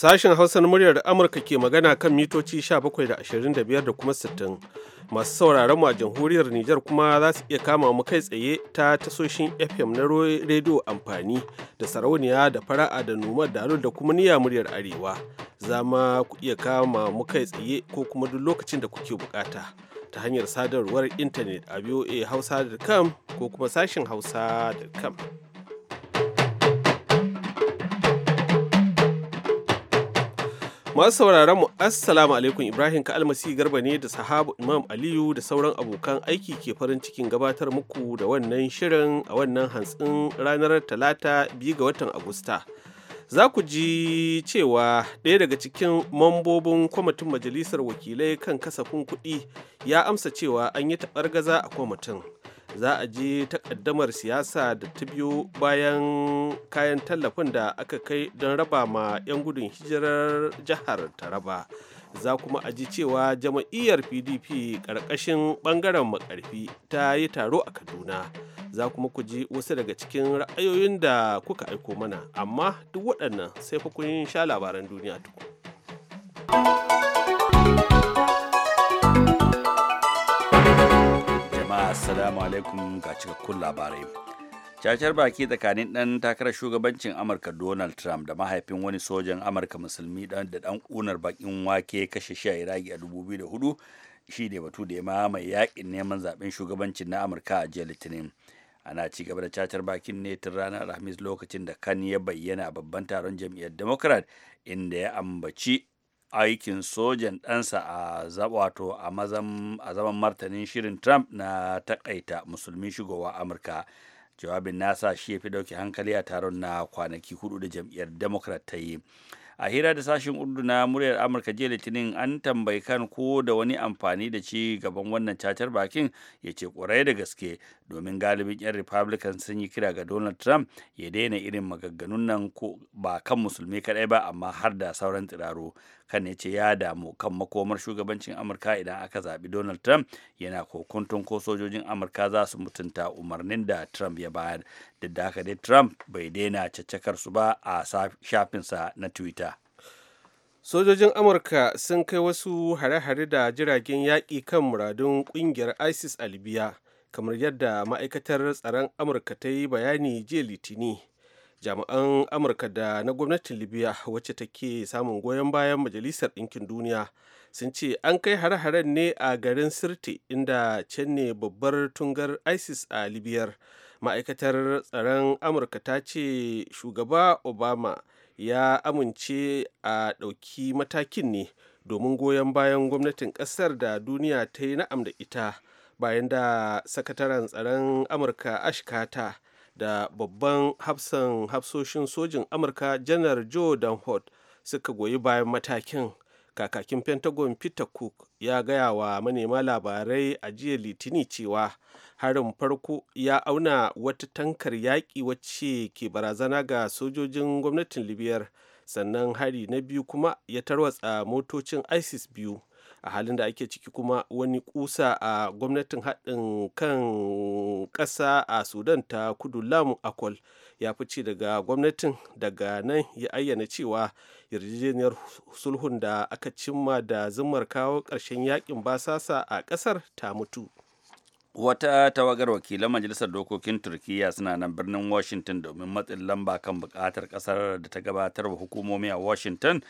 Sashen Hausar muryar Amurka ke magana kan mitoci 17.25 da da kuma 60. Masu sauraron a jamhuriyar Nijar kuma za su iya kama mu kai tsaye ta tasoshin FM na rediyo amfani da sarauniya da fara'a da numa da da kuma niyya muryar Arewa. Zama ku iya kama mu kai tsaye ko kuma duk lokacin da kuke bukata. Ta hanyar sadarwar intanet a kam ko kuma sashen hausa.com. Masu sauraron mu Assalamu alaikum Ibrahim ka almasi garba ne da sahabu Imam Aliyu da sauran abokan aiki ke farin cikin gabatar muku da wannan shirin a wannan hantsin ranar Talata biyu ga watan Agusta. Za ku ji cewa ɗaya daga cikin mambobin kwamitin Majalisar Wakilai kan kasafin kuɗi ya amsa cewa an yi taɓar gaza a kwamitin. za a ji takaddamar siyasa da ta biyo bayan kayan tallafin da aka kai don raba ma 'yan gudun hijirar jihar taraba za kuma a ji cewa jama'iyyar pdp ƙarƙashin ɓangaren makarfi ta yi taro a kaduna za kuma ku ji wasu daga cikin ra'ayoyin da kuka aiko mana amma duk waɗannan sai fa kun sha labaran duniya tuku. assalamu alaikum ga cikakkun labarai cacar baki tsakanin ɗan takarar shugabancin amurka donald trump da mahaifin wani sojan amurka musulmi da ɗan kunar bakin wake kashe sha iraki a 2004 shi ne batu da ya mai yakin neman zaben shugabancin na amurka a jiya litinin ana ci gaba da cacar bakin ne tun ranar alhamis lokacin da kan ya bayyana babban taron jam'iyyar democrat inda ya ambaci aikin sojan ɗansa a wato a zaman martanin shirin trump na takaita musulmi shigowa amurka jawabin nasa shi ya fi ɗauke hankali a taron na kwanaki hudu da jam'iyyar democrat ta yi a hira da sashen urdu na muryar amurka jiya litinin an tambayi kan ko da wani amfani da ci gaban wannan cacar bakin ya ce kwarai da gaske domin galibin 'yan republican sun yi kira ga donald trump ya daina irin magagganun nan ba kan musulmi kadai ba amma har da sauran tsiraro kan ya ce ya damu kan makomar shugabancin amurka idan aka zaɓi donald trump yana kokuntun ko sojojin amurka za su mutunta umarnin da trump ya bayar da haka dai trump bai daina caccakar su ba a shafinsa na twitter sojojin amurka sun kai wasu hare-hare da jiragen yaƙi kan muradun ƙungiyar isis a libya kamar yadda ma'aikatar tsaron amurka ta yi bayani jiya litini jami'an amurka da na gwamnatin libya wacce take samun goyon bayan majalisar ɗinkin duniya sun ce an kai hare-haren ne a garin sirte inda can ne babbar tungar isis a libyar ma'aikatar tsaron amurka ta ce shugaba obama ya amince a ɗauki matakin ne domin goyon bayan gwamnatin ƙasar da duniya ta yi na'am da ita bayan da sakataren tsaron amurka ashkata da babban hafsan hafsoshin sojin amurka janar joe danholt suka goyi bayan matakin kakakin pentagon peter cook ya gaya wa manema labarai a jiya litini cewa harin farko ya auna wata tankar yaƙi wacce ke barazana ga sojojin gwamnatin libyar sannan hari na biyu kuma ya tarwatsa motocin isis biyu a halin da ake ciki kuma wani kusa a gwamnatin haɗin kan ƙasa a sudan ta kudu lamu akwal ya fice daga gwamnatin daga nan ya ayyana cewa yarjejeniyar sulhun da aka cimma da zumar kawo ƙarshen yakin basasa a ƙasar ta mutu wata tawagar wakilan majalisar dokokin turkiya suna nan birnin washington domin matsin lamba kan bukatar ƙasar da ta gabatar wa hukumomi a washington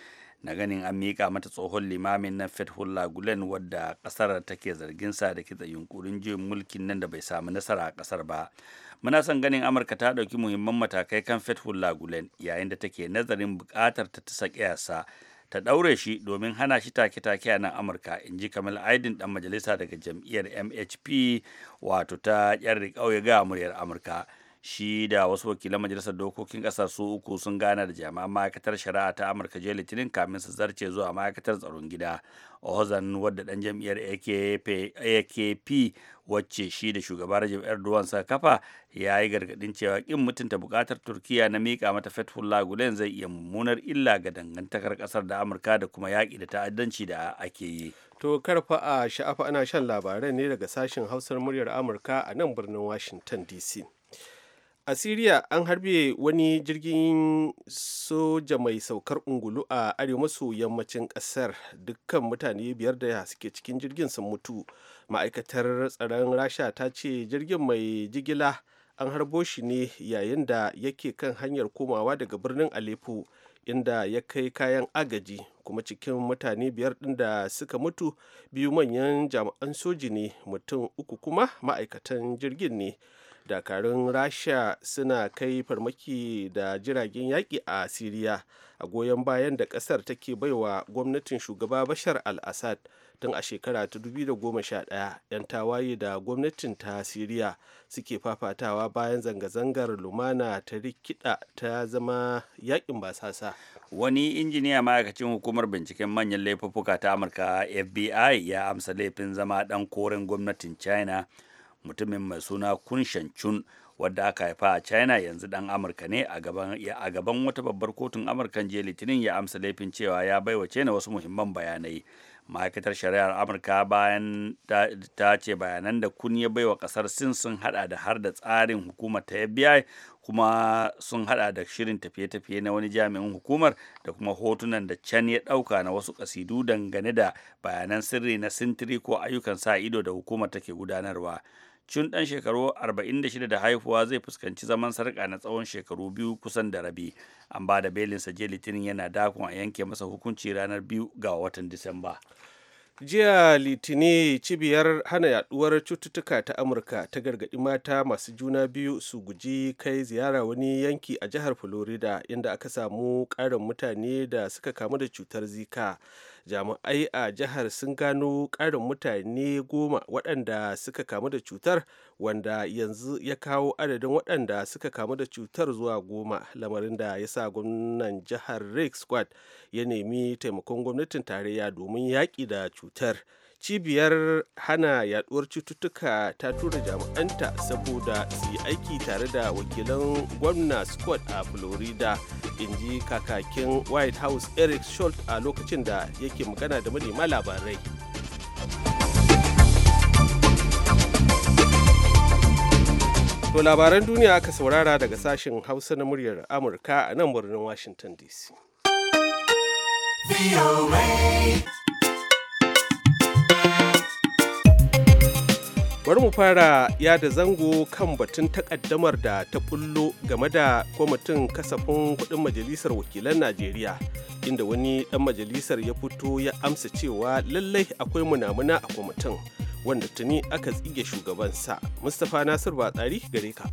na ganin an miƙa mata tsohon limamin na fethullah gulen wadda ƙasar take zargin sa da kitsa yunkurin juyin mulkin nan da bai samu nasara a ƙasar ba muna son ganin amurka ta ɗauki muhimman matakai kan fethullah gulen yayin da take nazarin buƙatar ta tasa ƙiyasa ta ɗaure shi domin hana shi take-take a nan amurka in ji kamal aidin ɗan majalisa daga jam'iyyar mhp wato ta ƙyar ƙauye ga muryar amurka shi da wasu wakilan majalisar dokokin kasar su uku sun gana da jami'an ma'aikatar shari'a ta amurka jiya litinin kamin su zarce zuwa ma'aikatar tsaron gida ozan wadda dan jam'iyyar akp wacce shi da shugaba rajab erdogan sa kafa ya yi gargadin cewa kin mutunta bukatar turkiya na mika mata fethullah gulen zai iya mummunar illa ga dangantakar kasar da amurka da kuma yaƙi da ta'addanci da ake yi to karfa a sha'afa ana shan labarai ne daga sashen hausar muryar amurka a nan birnin washington dc a siriya an harbe wani jirgin soja mai saukar ungulu a arewa maso yammacin kasar dukkan mutane biyar da suke cikin jirgin sun mutu ma'aikatar tsaron rasha ta ce jirgin mai jigila an harbo shi ne yayin da yake kan hanyar komawa daga birnin aleppo inda ya kai kayan agaji kuma cikin mutane biyar ɗin da suka mutu biyu manyan jami'an soji ne mutum uku kuma ma'aikatan jirgin ne dakarun rasha suna kai farmaki da jiragen yaƙi a siriya a goyon bayan da ƙasar take baiwa gwamnatin shugaba bashar al-assad tun a shekara ta 2011 'yan tawaye da gwamnatin ta siriya suke fafatawa bayan zanga-zangar lumana ta rikida ta zama yakin basasa wani injiniya ma'aikacin hukumar binciken manyan laifuka-laifuka ta amurka fbi ya amsa laifin zama dan koren gwamnatin china mutumin mai suna kun shancun wadda aka haifa a china yanzu dan amurka ne a gaban wata babbar kotun amurkan jiya litinin ya amsa laifin cewa ya bai baiwa china wasu muhimman bayanai ma'aikatar shari'ar amurka bayan ta ce bayanan da kun ya baiwa kasar sin sun hada da har da tsarin hukumar ta fbi kuma sun hada da shirin tafiye-tafiye na wani jami'in hukumar da kuma hotunan da can ya dauka na wasu kasidu dangane da bayanan sirri na sintiri ko ayyukan sa ido da hukumar take gudanarwa Cun ɗan shekaru 46 da haihuwa zai fuskanci zaman sarƙa na tsawon shekaru biyu kusan da rabi. An ba da belinsa je Litinin yana dakon a yanke masa hukunci ranar biyu ga watan Disamba. jiya litini cibiyar hana yaduwar cututtuka ta amurka ta gargaɗi mata masu juna biyu su guji kai ziyara wani yanki a jihar florida inda aka samu ƙarin mutane da suka kamu da cutar zika jami'ai a jihar sun gano ƙarin mutane goma waɗanda suka kamu da cutar wanda yanzu ya kawo adadin waɗanda suka kamu da cutar zuwa goma lamarin da ya sa gwamnan jihar rick squad ya nemi taimakon gwamnatin tarayya domin yaƙi da cutar cibiyar hana yaduwar cututtuka ta tura jami'anta saboda su yi aiki tare da wakilan gwamna scott a florida in ji kakakin white house eric schultz a lokacin da yake magana da manema labarai To labaran duniya aka saurara daga sashen hausa na muryar amurka a nan birnin washington dc bari mu fara yada zango kan batun takaddamar da ta bullo game da kwamitin kasafin kudin majalisar wakilan najeriya inda wani dan majalisar ya fito ya amsa cewa lallai akwai munamuna a kwamitin wanda tuni aka tsige shugabansa mustapha nasir batsari gare ka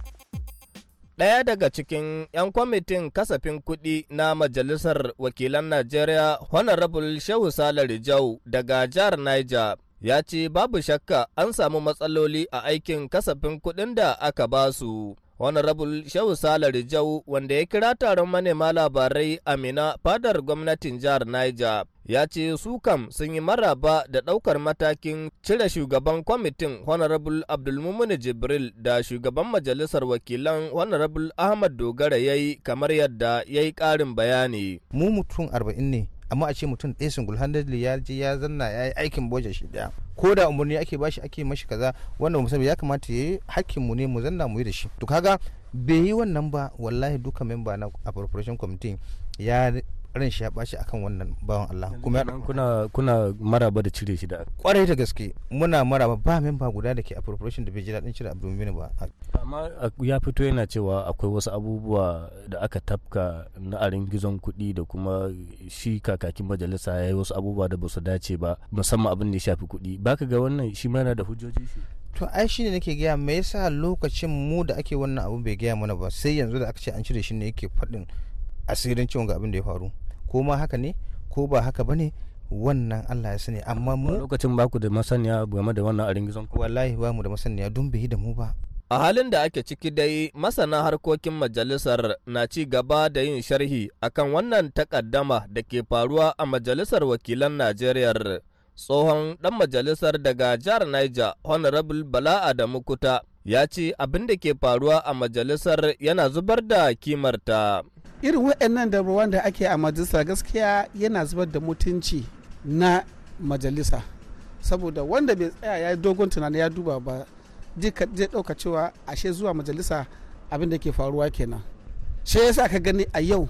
ɗaya daga cikin 'yan kwamitin kasafin kuɗi na majalisar wakilan najeriya honorable shehu salari jau daga jihar niger ya ce babu shakka an samu matsaloli a aikin kasafin kuɗin da aka ba su. rabul Shehu Salari Jau wanda ya kira taron manema labarai Amina fadar gwamnatin jihar Niger ya ce su kam sun yi maraba da ɗaukar matakin cire shugaban kwamitin Honorable Abdulmumin Jibril da shugaban majalisar wakilan Honorable Ahmad Dogara ya yi kamar yadda ya yi ƙarin bayani. Mu mutum arba'in ne amma a ce mutum ɗaya single handedly ya je ya zanna ya yi aikin boja shi ɗaya ko da umarni ake bashi ake mashi kaza wannan musamman ya kamata ya yi hakkin mu ne mu zanna mu yi da shi to kaga bai yi wannan ba wallahi duka memba na appropriation committee ya ran shi ya bashi akan wannan bawan Allah kuma kuna kuna maraba da cire shi da kwarai da gaske muna maraba ba memba guda da ke appropriation da bai ji daɗin cire Mumin ba amma ya fito yana cewa akwai wasu abubuwa da aka tafka na arin gizon kuɗi da kuma shi kakakin majalisa ya yi wasu abubuwa da ba su dace ba musamman abin da ya shafi kuɗi baka ga wannan shi mana da hujjoji shi to ai shine nake gaya me yasa lokacin mu da ake wannan abu bai gaya mana ba sai yanzu da aka ce an cire shi ne yake faɗin asirin cewa ga abin da ya faru ko ma haka ne ko ba haka ba ne wannan Allah ya sani amma mu lokacin ba ku da masaniya game da wannan arin gizon wallahi ba mu da masaniya dun bai da mu ba a halin da ake ciki dai masana harkokin majalisar na ci gaba da yin sharhi akan wannan takaddama da ke faruwa a majalisar wakilan Najeriya tsohon dan majalisar daga jihar Niger Honorable Bala Adamu Kuta ya ce abin da ke faruwa a majalisar yana zubar da kimarta. irin waɗannan da ruwan da ake a majalisa gaskiya yana zubar da mutunci na majalisa saboda wanda bai tsaya ya dogon tunani ya duba ba zai ɗauka cewa ashe zuwa majalisa abin da ke faruwa kenan shi yasa ka gani a yau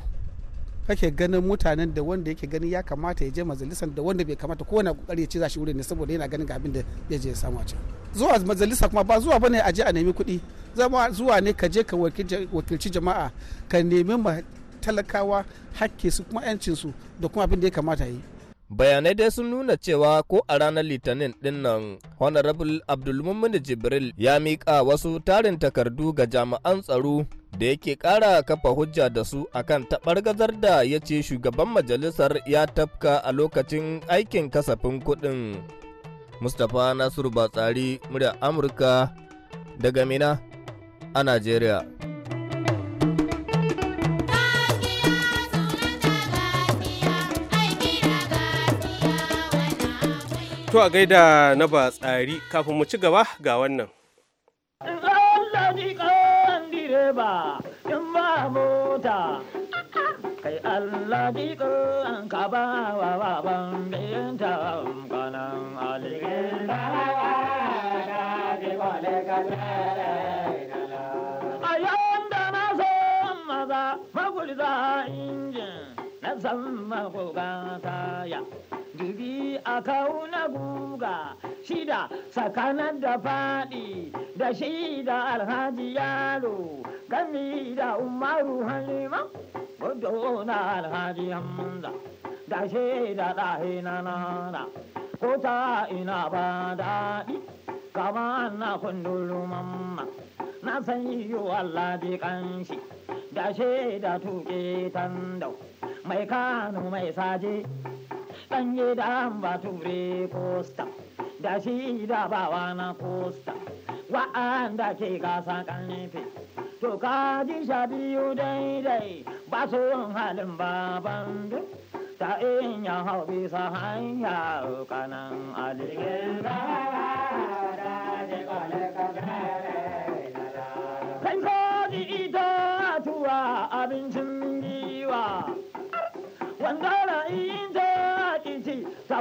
kake ganin mutanen da wanda yake gani ya kamata ya je majalisa da wanda bai kamata kowane kokari ya ci za shi wurin ne saboda yana ganin ga abin da ya je ya samu a can zuwa majalisa kuma ba zuwa bane a je a nemi kuɗi zama zuwa ne ka je ka wakilci jama'a ka nemi talakawa hakke su kuma 'yancinsu da kuma abin da ya kamata yi bayanai dai sun nuna cewa ko a ranar litinin din nan honorable abdulmumin jibril ya miƙa wasu tarin takardu ga jami'an tsaro da yake ƙara kafa hujja da su akan taɓargazar da ya ce shugaban majalisar ya tafka a lokacin aikin kasafin kuɗin mustapha nasiru batsari murya amurka daga mina a najeriya To a gaida na ba tsari kafin mu ci gaba ga wannan. direba in ba mota kai Allah jiko an ka ba wa wa ban binta kanan alike ba wa da ji kwale ka zama magogata ya dubi a kauna guga shida tsakanin da faɗi da shi da alhaji yaro gami da umaru halima gudu na alhaji hamza da shi da ɗahe na nana ko ta ina ba daɗi gaba na kundulu mamma na san Allah ladi kanshi da da tuke tando mai kanu mai saje yi da ba ture kosta da shi da bawa na kosta wa'anda ke gasa kanfe to ka ji sha biyu daidai ba su halin baban duk ta in hau bisa hanya kanan alikin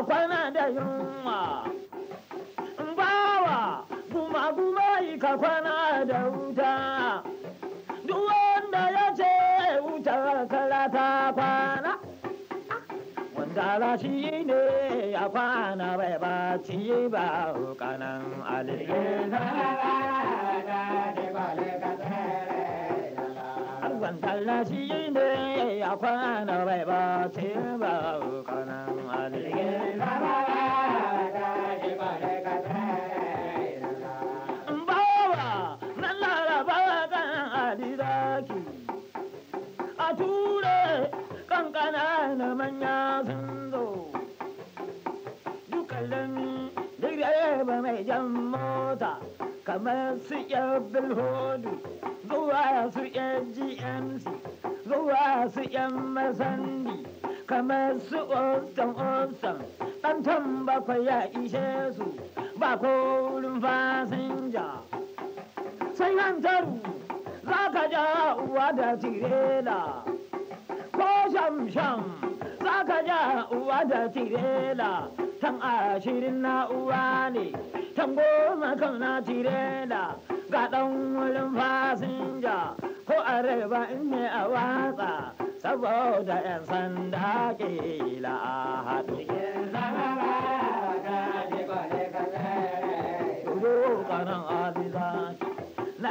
kwana da yunwa bawa guma yi ka kwana da wuta duk wanda ya ce wuta kala ta kwana wanda rashi ne ya kwana bai ba ci ba kanan alilin kwantalla shi ne a kwana bai ba ce ba kanan alirgin bawa na laraba kan aliraki a ture kan kanana manya sun zo dukkan duk da mai jan mota kamar su yabbin hudu zuwa su yan gmc zuwa su yan masandi kamar su ofsan ɗan ɗantan bakwai ya ishe su ba wurin fasinja sai hantar za ka ja uwa da tirela ko sham-sham za ka ja uwa da tirela tan ashirin na uwa ne tan goma kan na tirela ga dan wurin fasinja ko areba in ne a watsa saboda 'yan sanda kila a haɗu.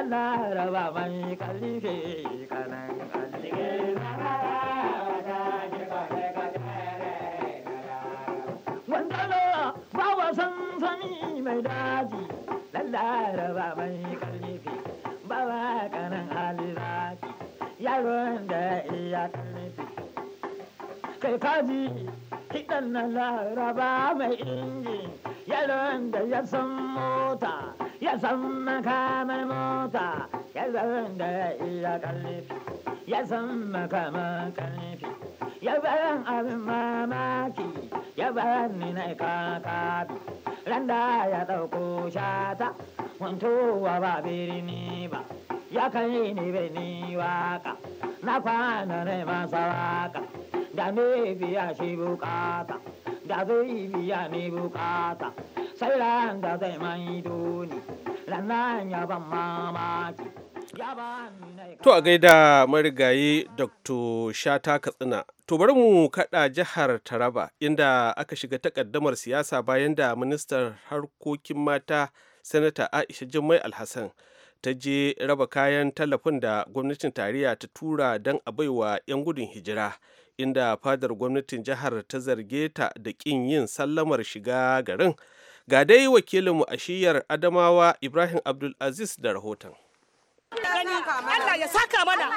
Na laraba mai kalife kanan mai daji lallara ba mai karnifi ba ba kanan alizaci yaron da iya karnifi kai kaji kiɗan na mai inji yaron da ya san mota ya san makamar mota yaron da iya karnifi ya san makamar karnifi ya bayan abin mamaki ya bayan ni na kakabi Kanda ya ɗauko shata, wantowa ba birni ba, ya yi ni birni waka, na kwana ne masa waka, da ne biya shi bukata, da zai biya ni bukata, sai ran da zai mai doni, Lannan ya ban mamaki. To a gaida marigayi Dr. Shata Katsina. To bari mu kada jihar Taraba inda aka shiga takaddamar siyasa bayan da ministar harkokin mata Sanata Aisha Jummai Alhassan ta je raba kayan tallafin da gwamnatin tarayya ta tura don a baiwa 'yan gudun hijira inda fadar gwamnatin jihar ta zarge ta da ƙin yin sallamar shiga garin. Ga dai wakilinmu a shiyar Adamawa Ibrahim Abdulaziz da rahoton. Allah ya saka mana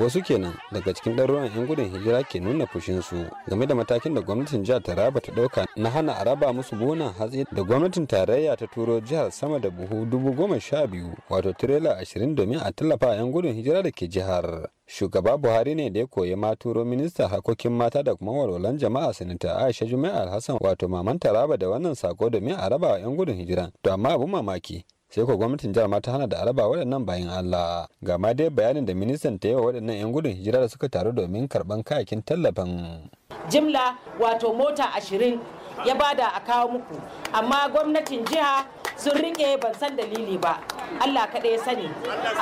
wasu kenan daga cikin ɗaruruwan 'yan gudun hijira ke nuna fushinsu game da matakin da gwamnatin jihar taraba ta ɗauka na hana a raba musu buhunan hatsi da gwamnatin tarayya ta turo jihar sama da buhu dubu goma sha biyu wato tirela ashirin domin a tallafa 'yan gudun hijira da ke jihar shugaba buhari ne da ya koyi ma turo minista harkokin mata da kuma walwalan jama'a sanata aisha juma'a alhassan wato maman taraba da wannan sako domin a raba 'yan gudun hijira to amma abin mamaki sai ko gwamnatin jihar ma ta hana da araba waɗannan bayan Allah ga ma dai bayanin da ministan ta yi wa waɗannan 'yan gudun hijira da suka taru domin karɓan kayakin tallafin jimla wato mota ashirin ya bada a kawo muku amma gwamnatin jiha sun riƙe ban san dalili ba Allah kaɗai ya sani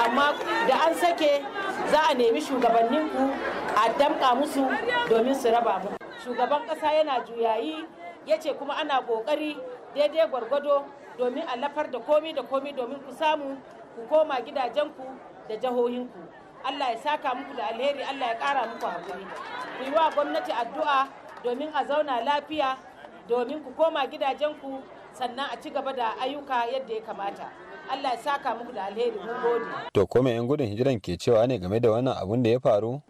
amma da an sake za a nemi shugabanninku a damƙa musu domin su raba mu shugaban ƙasa yana juyayi yace kuma ana ƙoƙari daidai gwargwado domin a lafar da komi da komi domin ku samu ku koma gidajenku da jahohinku Allah ya saka muku da alheri Allah ya kara muku hakuri ku yi wa gwamnati addu'a domin a zauna lafiya domin ku koma gidajenku sannan a ci gaba da ayyuka yadda ya kamata Allah ya saka muku da alheri mun gode to komai yan gudun hijiran ke cewa ne game da wannan abun da ya faru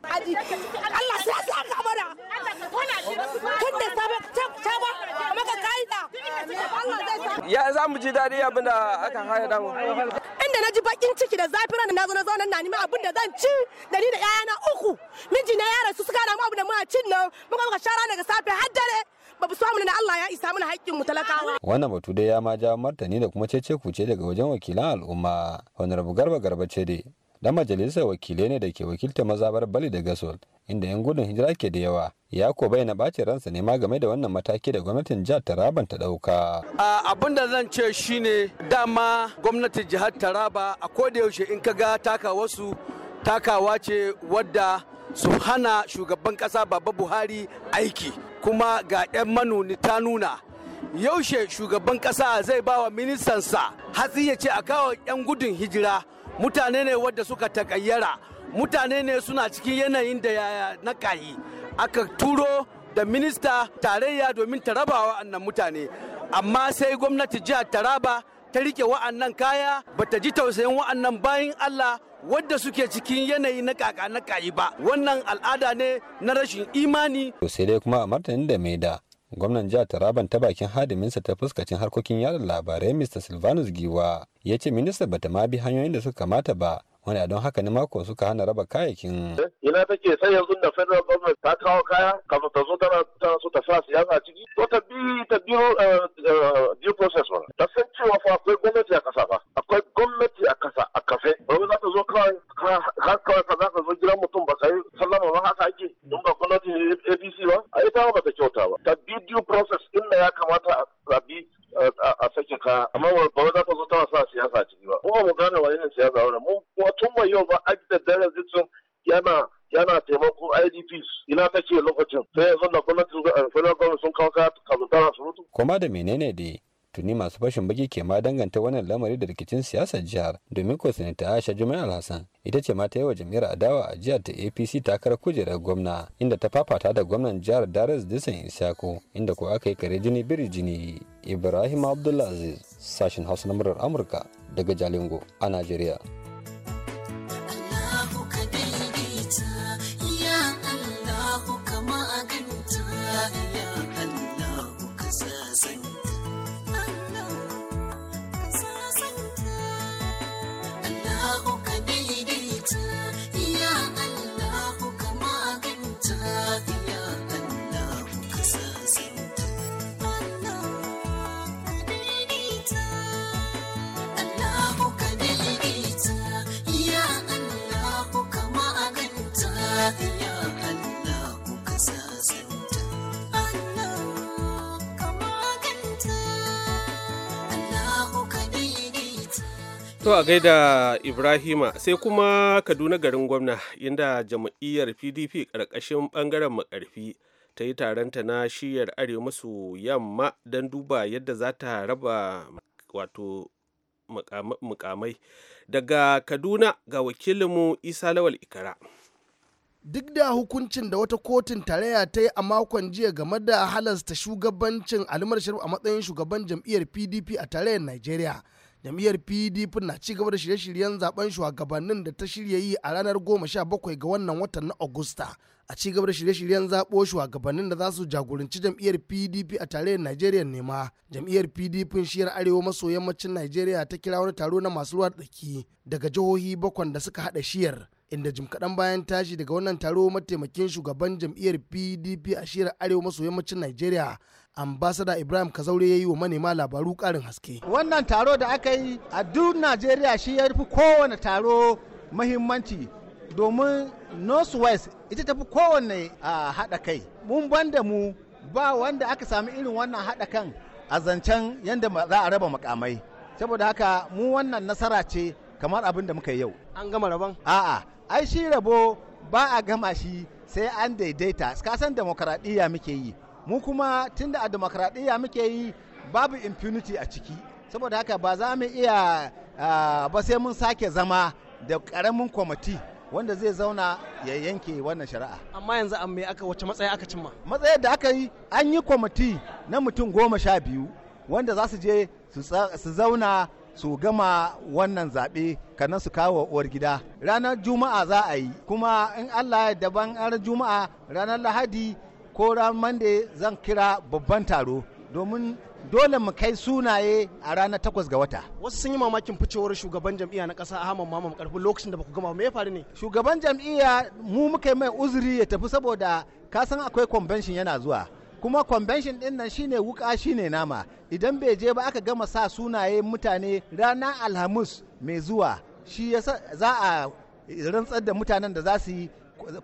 ya za mu ji daɗi abin da aka da damu inda na ji bakin ciki da zafi ran na zo na zauna na nemi abin da zan ci da ni da 'ya'yana uku miji na yara su suka mu abu da muna cin nan muka muka shara daga safe har dare babu samu na Allah ya isa mana haƙƙin mu talakawa wannan batu dai ya ma ja martani da kuma cece kuce daga wajen wakilan al'umma honorable garba garba ce dai dan majalisar wakile ne da ke wakilta mazabar bali da gasol inda 'yan gudun hijira ke da yawa ya ko bai na ransa ne ma game da wannan mataki da gwamnatin jihar Taraban ta ɗauka. Abin da zan ce shine dama gwamnatin jihar Taraba a yaushe in ka ga taka wasu takawa ce wadda su hana shugaban kasa Baba Buhari aiki kuma ga 'yan manoni ta nuna yaushe shugaban ƙasa zai ba wa ministansa hatsi ya ce a kawo 'yan gudun hijira mutane ne wadda suka takayyara mutane ne suna cikin yanayin da na kayi aka turo da minista tarayya domin ta raba wa'annan mutane amma sai gwamnati jihar taraba ta rike wa'annan kaya ba ta ji tausayin wa'annan bayan allah wadda suke cikin yanayi na kaka na kayi ba wannan al'ada ne na rashin imani sai dai kuma a martanin da mai da gwamnan jihar taraban ta bakin hadiminsa ta fuskacin harkokin yada labarai mr silvanus giwa ya ce minista bata ma bi hanyoyin da suka kamata ba wanda don haka ne mako suka hana raba kayayyakin. Eh, ina take sai yanzu da federal government ta kawo kaya kafin ta zo tana tana so ta sa siyasa a ciki to ta bi ta bi eh, eh, due process ba. Ta san cewa fa akwai gwamnati a kasa fa Akwai gwamnati a kasa a kafe. Wani za ta zo kawai har kawai ka za ka zo gidan mutum ba sai sallama ba haka ake. In ba gwamnati abc ba a ita ba ta kyauta ba. Ta bi due process inda ya kamata a bi a sake ka amma ba za ka zo ta wasa siyasa ciki ba kuma mu gane wani ne siyasa wani mu kuma tun mai yau ba da dare zitsun yana yana taimako IDPs ina ta ce lokacin sai yanzu da gwamnatin eh, federal government sun kawo ka kazuntara surutu. kuma da menene dai tuni masu fashin baki ke ma danganta wannan lamari da rikicin siyasar jihar domin ko sanata aisha juma'a alhassan ita ce ma ta yi wa jami'ar adawa a jihar ta apc takarar kujerar gwamna inda ta fafata da gwamnan jihar daras disan isako inda ko aka yi kare jini biri jini ibrahim abdulaziz sashen hausa na murar amurka daga jalingo a najeriya To a gaida Ibrahima sai kuma Kaduna garin gwamna inda jam'iyyar PDP ƙarƙashin ɓangaren makarfi ta yi taronta na shiyar arewa masu yamma don duba yadda za ta raba wato mukamai. Daga Kaduna ga wakilinmu Isa Lawal Ikara. duk da hukuncin da wata kotun tarayya ta yi a makon jiya game da halasta shugabancin alimar sharif a matsayin shugaban jam'iyyar pdp a tarayyar nigeria jam'iyyar pdp na ci gaba da shirye-shiryen zaben shugabannin da ta shirya yi a ranar 17 ga wannan watan na agusta a ci gaba da shirye-shiryen zaɓo shugabannin da za su jagoranci jam'iyyar pdp a tarayyar najeriya ne ma jam'iyyar pdp shiyar arewa maso yammacin najeriya ta kira wani taro na masu ruwa tsaki daga jihohi bakwai da suka haɗa shiyar inda jim kaɗan bayan tashi daga wannan taro mataimakin shugaban jam'iyyar pdp a shirar arewa maso yammacin nigeria ambasada ibrahim kazaure ya yi wa manema labaru karin haske wannan taro da aka yi a duk nigeria shi ya fi kowane taro mahimmanci domin north-west ita ta fi kowane haɗa kai mun ban da mu ba wanda aka sami irin wannan haɗa kan a zancen yadda za a raba makamai saboda haka mu wannan nasara ce kamar abin da muka yi yau an gama rabon a'a ai shi rabo ba a gama shi sai an daidaita kasan demokaradiyya muke yi mu kuma tunda a demokaradiyya muke yi babu impunity a ciki saboda haka ba za mu iya ba sai mun sake zama da karamin kwamiti wanda zai zauna ya yanke wannan shari'a amma yanzu an me aka wace matsaya aka cimma matsayar da aka yi an yi kwamiti na mutum goma sha biyu wanda za su je su zauna su gama wannan zaɓe kanan su kawo uwar gida ranar juma'a za a yi kuma in allah ya daban ranar juma'a ranar lahadi ko ranar mande zan kira babban taro domin dole mu kai sunaye a ranar takwas ga wata. Wasu sun yi mamakin ficewar shugaban jam'iyya na ƙasa Ahmad Mamam Karfi lokacin da ba ku gama me ya faru ne? Shugaban jam'iyya mu muka mai uzuri ya tafi saboda kasan akwai convention yana zuwa. kuma convention din nan shine wuka shine nama idan bai je ba aka gama sa sunaye mutane rana alhamis mai zuwa shi za a rantsar da mutanen da za su yi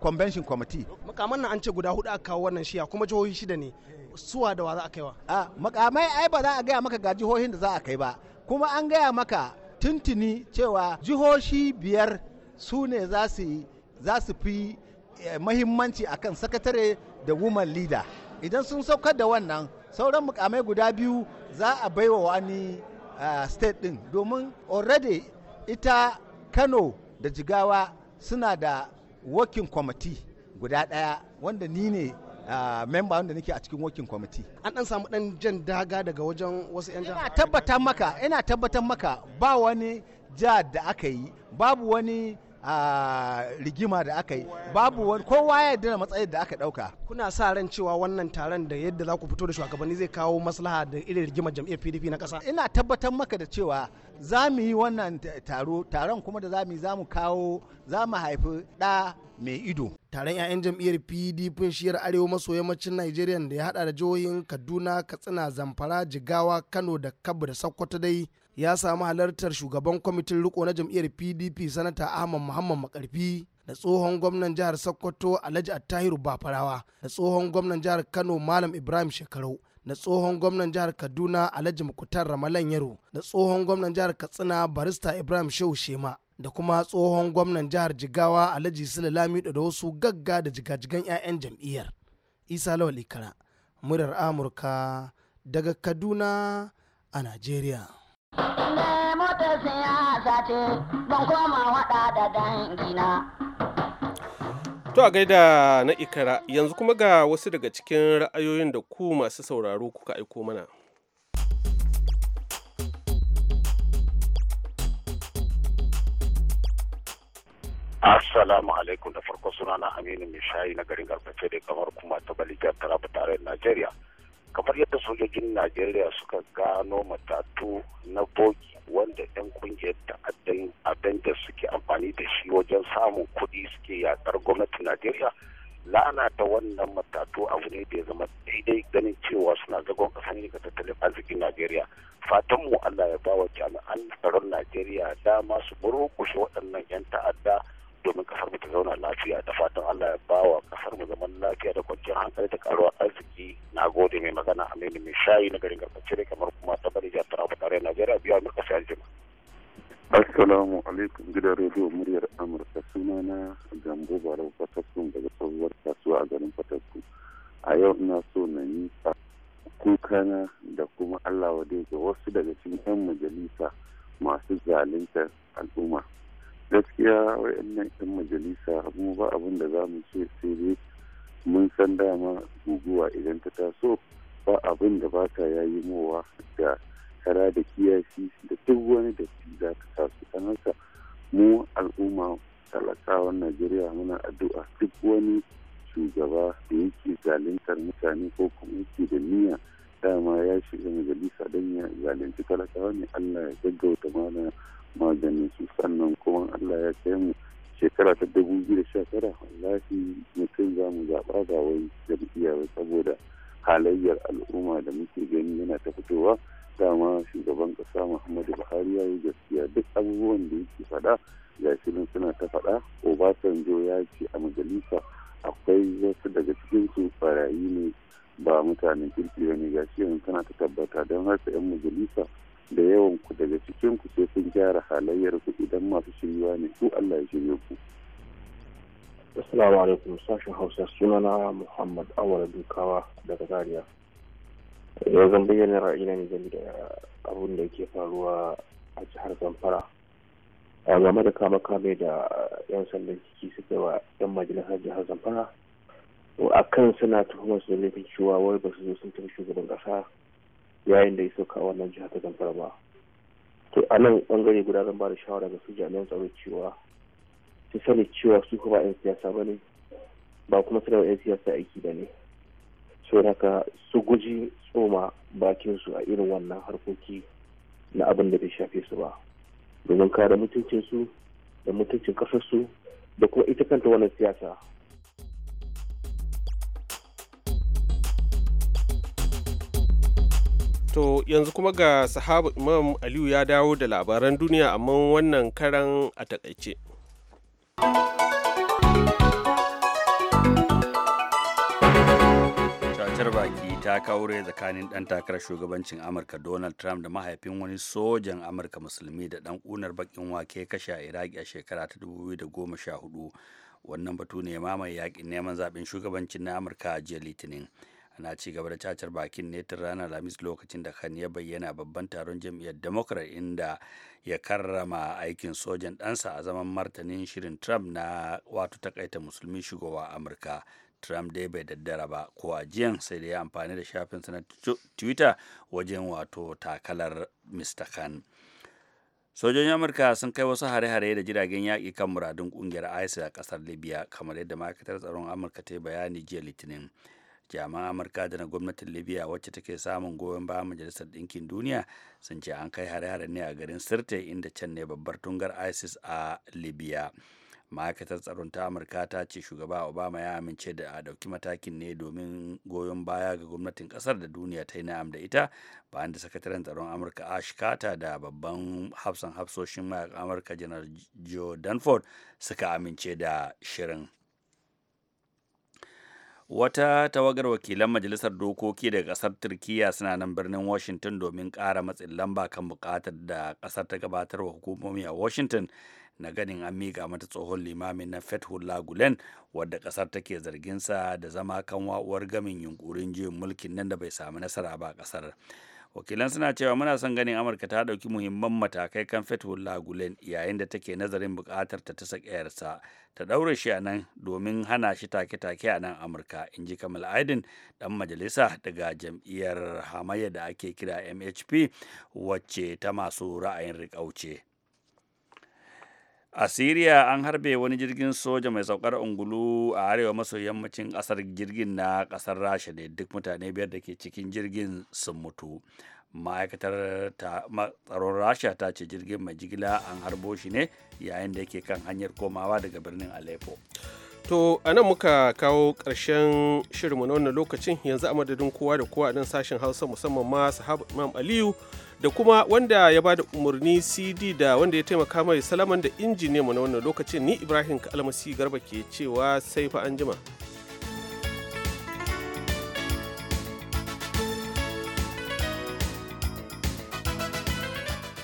convention committee makaman nan an ce guda hudu aka kawo wannan shiya kuma jihohi shida ne suwa da wa za a kaiwa a makamai ai ba za a gaya maka ga jihohin da za a kai ba kuma an gaya maka tuntuni cewa jihohi biyar su ne za su fi eh, mahimmanci akan sakatare da woman leader idan sun saukar da wannan sauran mukamai guda biyu za a baiwa wani state din domin already ita kano da jigawa suna da working committee guda daya wanda ni ne member memba wanda nake a cikin working committee an dan samu dan jan daga daga wajen wasu yan jama'a tabbatar maka ina tabbatar maka ba wani jihar da aka yi babu wani rigima da aka yi babu kowa ya yarda matsayin da aka dauka kuna sa ran cewa wannan taron da yadda za ku fito da shugabanni zai kawo maslaha da irin rigimar jam'iyyar PDP na kasa ina tabbatar maka da cewa za mu yi wannan taro taron kuma da za mu yi za mu kawo za mu haifi ɗa mai ido. Taron 'ya'yan jam'iyyar PDP shiyar arewa maso yammacin nigeria da ya hada da jihohin Kaduna, Katsina, Zamfara, Jigawa, Kano da Kabu da Sokoto dai ya samu halartar shugaban kwamitin riko na jam'iyyar pdp sanata ahmad muhammad makarfi da tsohon gwamnan jihar sokoto alhaji attahiru bafarawa da tsohon gwamnan jihar kano malam ibrahim shekarau da tsohon gwamnan jihar kaduna alhaji mukutar ramalan yaro da tsohon gwamnan jihar katsina barista ibrahim shehu shema da kuma tsohon gwamnan jihar jigawa alhaji sule lamido da wasu gagga da jigajigan 'ya'yan jam'iyyar isa lawal ikara murar amurka daga kaduna a najeriya ne motar siyasa ce don koma wada da dangina To a gaida na ikara yanzu kuma ga wasu daga cikin ra'ayoyin da ku masu sauraro kuka aiko mana. Assalamu alaikum da farko suna na Aminu shayi na garin Garbace da kamar kuma ta Balijar Taraba tare Najeriya. kamar yadda sojojin najeriya suka gano matatu na bogi wanda 'yan kungiyar ta'addan avenger suke amfani da shi wajen samun kuɗi suke yatsar gwamnati najeriya lalata wannan matatu abu ne da ya zama daidai ganin cewa suna zagon ƙasar ne ga tattalin arzikin najeriya mu allah ya bawa jami'an tsaron najeriya dama su murƙushe waɗannan 'yan ta'adda domin kasar mu ta zauna lafiya ta fatan Allah ya bawa kasar mu zaman lafiya da kwanciyar hankali da karuwar arziki na gode mai magana Aminu mai shayi na garin Garbace kamar kuma ta bari jihar Taraba tare Najeriya biya mu kasa jima asalamu alaikum gidan rediyo muryar Amurka sunana Gambo Barau Fatakun daga tsohuwar kasuwa a garin Fatakun a yau ina so na nisa kukana da kuma Allah wa ga wasu daga cikin 'yan majalisa masu zaluntar al'umma gaskiya wayannan yan majalisa mu ba abin da za mu ce sai dai mun san dama guguwa idan ta taso ba abin da ba ta yayi mowa da kara da kiyashi da duk wani da za ta taso don haka mu al'umma talakawan najeriya muna addu'a duk wani shugaba da yake zaluntar mutane ko kuma yake da niyya dama ya shiga majalisa don ya zalunci talakawa ne allah ya gaggauta mana maganin su sannan kuma Allah ya kai mu shekara ta dubu biyu da sha tara wallahi mutum za mu zaɓa ba wai jam'iyya ba saboda halayyar al'umma da muke gani yana ta fitowa dama shugaban ƙasa muhammadu buhari ya yi gaskiya duk abubuwan da yake faɗa ga nan suna ta faɗa obasanjo ya ce a majalisa akwai wasu daga cikin su barayi ne ba mutanen kirki ne ga shi yanzu tana ta tabbata don haka 'yan majalisa da yawan ku daga cikin ku sai sun gyara halayyar ku idan masu shiryuwa ne ku Allah ya shirya ku Assalamu alaikum sashen Hausa sunana Muhammad Awar Dukawa daga Zaria yau zan bayyana ra'ayina ne game da abun da yake faruwa a jihar Zamfara a game da kama kame da yan sandan ciki suka wa yan majalisar jihar Zamfara Akan suna tuhumar su da laifin cewa wai ba su zo sun tafi shugaban ƙasa. yayin da ya sauka a wannan jiha ta zamfara ba to a nan bangare guda zan ba da shawara ga su jami'an tsaro cewa su sani cewa su kuma 'yan siyasa ba ne ba kuma suna 'yan siyasa aiki ba ne so haka su guji tsoma bakinsu a irin wannan harkoki na abin da bai shafe su ba domin kare mutuncinsu da mutuncin kasarsu da kuma ita kanta wannan siyasa To yanzu kuma ga sahabu Imam Aliyu ya dawo da labaran duniya amma wannan karan a takaice. Cacar baki ta kaure tsakanin ɗan takarar shugabancin Amurka Donald Trump da mahaifin wani sojan Amurka musulmi da ɗan ƙunar bakin wake kashe a Iraki a shekara ta 2014. Wannan batu ne mamaye yaƙin neman zaɓen shugabancin na Amurka a jiya Litinin. ana ci gaba da cacar bakin ne tun ranar lamis lokacin da kan ya bayyana babban taron jam'iyyar democrat inda ya karrama aikin sojan ɗansa a zaman martanin shirin trump na wato takaita musulmi shigowa amurka trump dai bai daddara ba ko ajiyan sai da ya amfani da shafin na twitter wajen wato takalar mr khan sojojin amurka sun kai wasu hare-hare da jiragen yaƙi kan muradun ƙungiyar isis a ƙasar libya kamar yadda ma'aikatar tsaron amurka ta yi bayani jiya litinin jami'an amurka da na gwamnatin libya wacce take samun goyon bayan majalisar ɗinkin duniya sun ce an kai hare-hare ne a garin sirte inda can ne babbar tungar isis a libya ma'aikatar tsaron ta amurka ta ce shugaba obama ya amince da a dauki matakin ne domin goyon baya ga gwamnatin kasar da duniya ta yi na'am da ita bayan da sakataren tsaron amurka ash kata da babban hafsan hafsoshin mayakan amurka janar joe danford suka amince da shirin wata tawagar wakilan majalisar dokoki daga kasar turkiya suna nan birnin washington domin ƙara matsin lamba kan bukatar da ƙasar ta gabatar wa hukumomi a washington na ganin an miƙa mata tsohon limamin na fethullah gulen wadda ƙasar take zarginsa da zama kan wa'uwar gamin yunkurin juyin mulkin nan da bai samu nasara ba ƙasar. kasar wakilan suna cewa muna son ganin amurka ta dauki muhimman matakai kan fethullah gulen yayin da take nazarin bukatar ta ta sa ta ɗaura shi a nan domin hana shi take-take a nan amurka in ji kamal aidin dan majalisa daga jam'iyyar hamayya da ake kira mhp wacce ta masu ra'ayin riƙauce. a siriya an harbe wani jirgin soja mai saukar ungulu a arewa maso yammacin kasar jirgin na kasar rasha ne duk mutane biyar da ke cikin jirgin sun mutu ma'aikatar tsaron rasha ta ce jirgin mai jigila an harbo shi ne yayin da yake kan hanyar komawa daga birnin aleppo To a nan muka kawo ƙarshen shirinmu na wannan lokacin yanzu a madadin kowa da kowa a nan sashen Hausa musamman ma sahab Imam Aliyu da kuma wanda ya ba da umarni cd da wanda ya taimaka mai salaman da injiniyanmu na wannan lokacin ni ibrahim kalmasi garba ke cewa sai fa an jima.